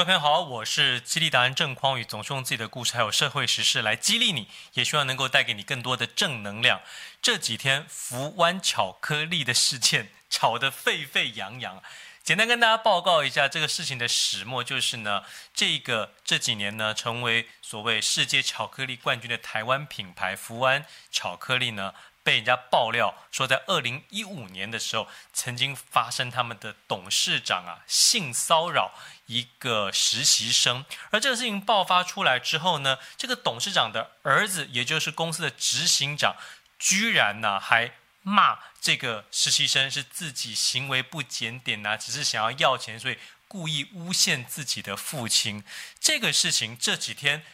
各位朋友好，我是激勵達人鄭匡宇，總是用自己的故事還有社會時事來激勵你，也希望能夠帶給你更多的正能量。這幾天福灣巧克力的事件吵得沸沸揚揚，簡單跟大家報告一下這個事情的始末，就是呢，這個這幾年呢成為所謂世界巧克力冠軍的台灣品牌福灣巧克力呢。被人家爆料說，在二零一五年的時候，曾經發生他們的董事長啊性騷擾一個實習生。而這個事情爆發出來之後呢，這個董事長的兒子，也就是公司的執行長，居然呢、啊、還罵這個實習生是自己行為不檢點吶、啊，只是想要要錢，所以故意誣陷自己的父親。這個事情這幾天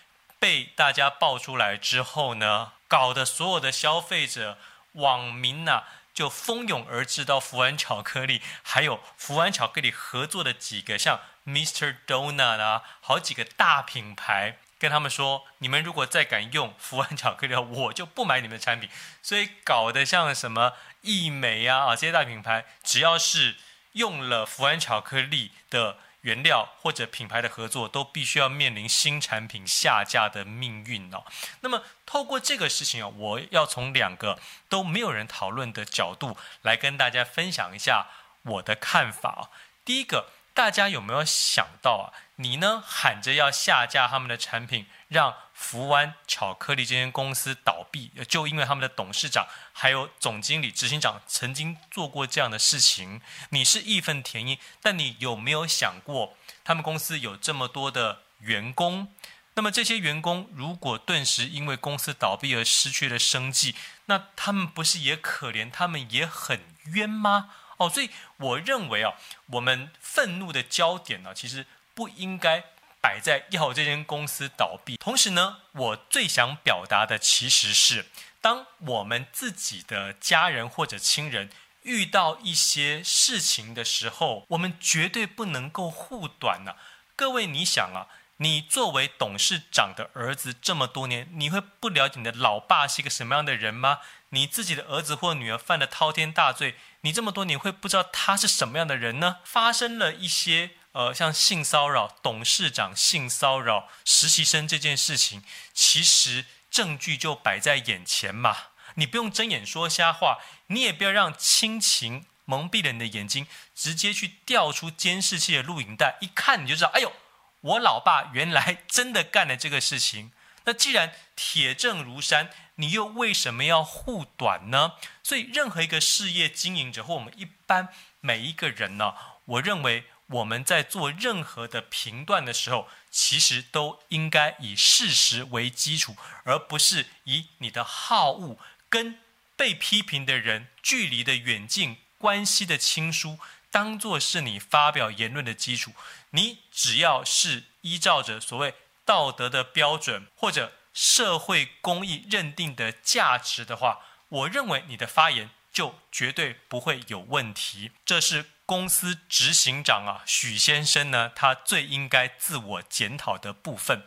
被大家爆出來之後呢。搞得所有的消費者網民吶、啊，就蜂擁而至到福灣巧克力，還有福灣巧克力合作的幾個，像 Mister Donut 啊，好幾個大品牌，跟他們說：你們如果再敢用福灣巧克力的話，我就不買你們的產品。所以搞得像什麼義美啊，啊這些大品牌，只要是用了福灣巧克力的。原料或者品牌的合作，都必須要面臨新產品下架的命運哦。那麼透過這個事情啊，我要從兩個都沒有人討論的角度來跟大家分享一下我的看法。第一個，大家有沒有想到啊？你呢喊着要下架他們的產品，讓。福灣巧克力這間公司倒閉，就因為他們的董事長、還有總經理、執行長曾經做過這樣的事情，你是義憤填膺，但你有沒有想過，他們公司有這麼多的員工，那麼這些員工如果頓時因為公司倒閉而失去了生計，那他們不是也可憐，他們也很冤嗎？哦，所以我認為啊，我們憤怒的焦點呢、啊，其實不應該。擺在易這間公司倒閉，同時呢，我最想表達的其實是，當我們自己的家人或者親人遇到一些事情的時候，我們絕對不能夠護短啊，各位，你想啊，你作為董事長的兒子這麼多年，你會不了解你的老爸是一個什麼樣的人嗎？你自己的兒子或女兒犯了滔天大罪，你這麼多年會不知道他是什麼樣的人呢？發生了一些。呃，像性騷擾，董事長性騷擾實習生這件事情，其實證據就擺在眼前嘛，你不用睜眼說瞎話，你也不要讓親情蒙蔽了你的眼睛，直接去調出監視器的錄影帶，一看你就知道，哎呦，我老爸原來真的幹了這個事情。那既然鐵證如山，你又為什麼要護短呢？所以，任何一個事業經營者或我們一般每一個人呢、啊，我認為。我們在做任何的評斷的時候，其實都應該以事實為基礎，而不是以你的好惡跟被批評的人距離的遠近、關係的親疏，當做是你發表言論的基礎。你只要是依照着所謂道德的標準或者社會公益認定的價值的話，我認為你的發言。就絕對不會有問題，這是公司執行長啊，許先生呢，他最應該自我檢討的部分。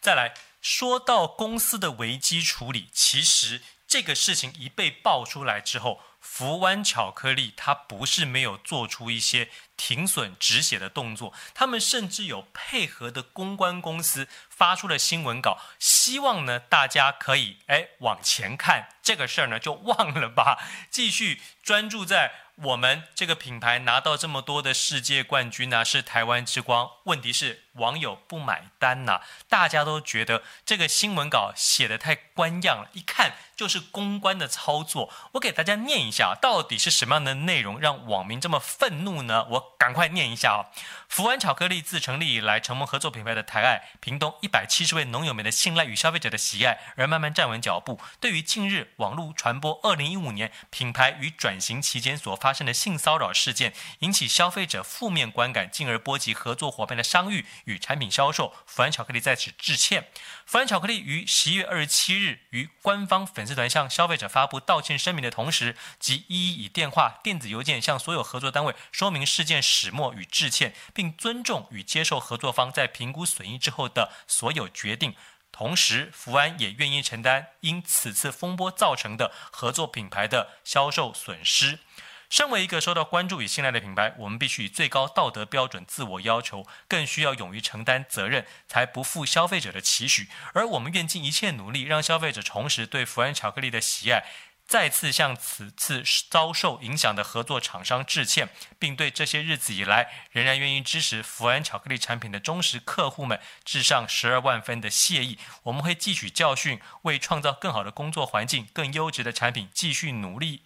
再來說到公司的危機處理，其實這個事情一被爆出來之後。福灣巧克力，它不是沒有做出一些停損止血的動作，他們甚至有配合的公關公司發出了新聞稿，希望呢大家可以哎、欸、往前看，這個事兒呢就忘了吧，繼續專注在我們這個品牌拿到這麼多的世界冠軍呢、啊、是台灣之光。問題是。網友不買單吶、啊！大家都覺得這個新聞稿寫得太官樣了，一看就是公關的操作。我給大家念一下，到底是什麼樣的內容讓網民這麼憤怒呢？我趕快念一下啊、哦！福灣巧克力自成立以來，承蒙合作品牌的抬愛、屏東一百七十位農友們的信賴與消費者的喜愛，而慢慢站穩腳步。對於近日網絡傳播2015，二零一五年品牌與轉型期間所發生的性騷擾事件，引起消費者負面觀感，進而波及合作夥伴的商譽。與產品銷售，福灣巧克力在此致歉。福灣巧克力於十一月二十七日於官方粉絲團向消費者發布道歉聲明的同時，即一一以電話、電子郵件向所有合作單位說明事件始末與致歉，並尊重與接受合作方在評估損益之後的所有決定。同時，福灣也願意承擔因此次風波造成的合作品牌的銷售損失。身為一個受到關注與信賴的品牌，我們必須以最高道德標準自我要求，更需要勇於承擔責任，才不負消費者的期許。而我們願盡一切努力，讓消費者重拾對福灣巧克力的喜愛，再次向此次遭受影響的合作廠商致歉，並對這些日子以來仍然願意支持福灣巧克力產品的忠實客戶們致上十二萬分的謝意。我們會汲取教訓，為創造更好的工作環境、更優質的產品，繼續努力。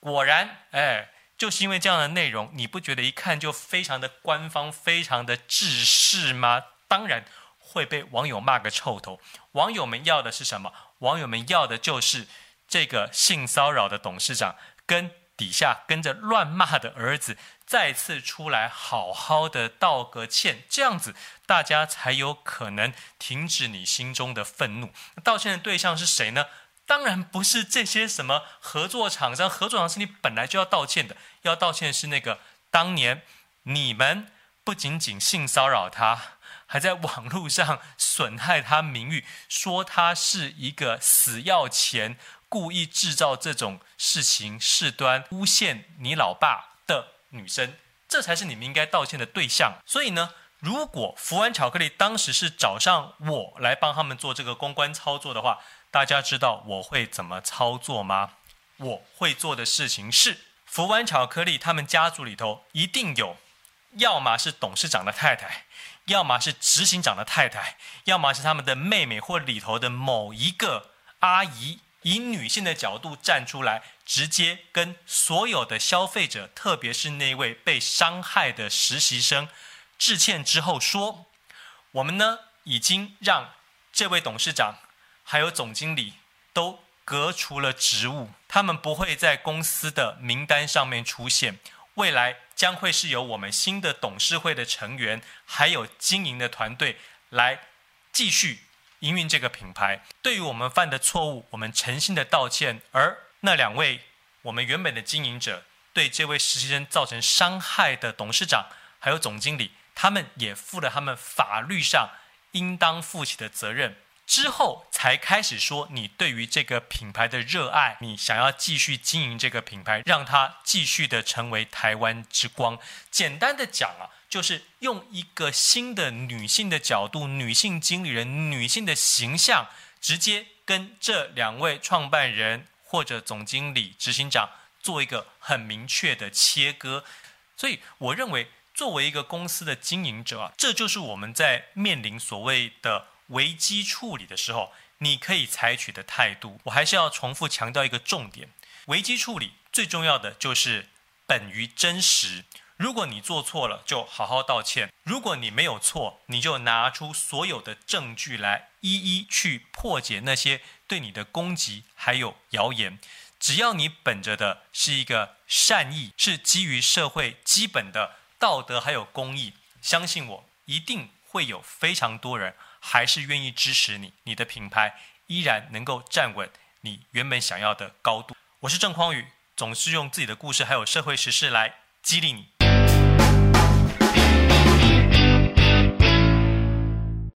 果然，哎，就是因為這樣的內容，你不覺得一看就非常的官方、非常的制式嗎？當然會被網友罵個臭頭。網友們要的是什麼？網友們要的就是這個性騷擾的董事長跟底下跟着亂罵的兒子再次出來好好的道個歉，這樣子大家才有可能停止你心中的憤怒。道歉的對象是誰呢？當然不是這些什麼合作廠商，合作廠商是你本來就要道歉的，要道歉的是那個當年你們不僅僅性騷擾他，還在網絡上損害他名譽，說他是一個死要錢、故意製造這種事情事端、誣陷你老爸的女生，這才是你們應該道歉的對象。所以呢，如果福灣巧克力當時是找上我來幫他們做這個公關操作的話。大家知道我會怎麼操作嗎？我會做的事情是，福灣巧克力他們家族裡頭一定有，要麼是董事長的太太，要麼是執行長的太太，要麼是他們的妹妹或裡頭的某一個阿姨，以女性的角度站出來，直接跟所有的消費者，特別是那位被傷害的實習生致歉之後說，我們呢已經讓這位董事長。還有總經理都革除了職務，他們不會在公司的名單上面出現。未來將會是由我們新的董事會的成員，還有經營的團隊來繼續營運這個品牌。對於我們犯的錯誤，我們誠心的道歉。而那兩位，我們原本的經營者，對這位實習生造成傷害的董事長，還有總經理，他們也負了他們法律上應當負起的責任。之後。才開始說你對於這個品牌的熱愛，你想要繼續經營這個品牌，讓它繼續的成為台灣之光。簡單的講啊，就是用一個新的女性的角度，女性經理人，女性的形象，直接跟這兩位創辦人或者總經理、執行長做一個很明確的切割。所以，我認為作為一個公司的經營者啊，這就是我們在面臨所謂的危機處理的時候。你可以採取的態度，我還是要重複強調一個重點：危機處理最重要的就是本於真實。如果你做錯了，就好好道歉；如果你沒有錯，你就拿出所有的證據來，一一去破解那些對你的攻擊還有謠言。只要你本着的是一個善意，是基於社會基本的道德還有公義，相信我，一定。會有非常多人還是願意支持你，你的品牌依然能夠站穩你原本想要的高度。我是鄭匡宇，總是用自己的故事還有社會時事來激勵你。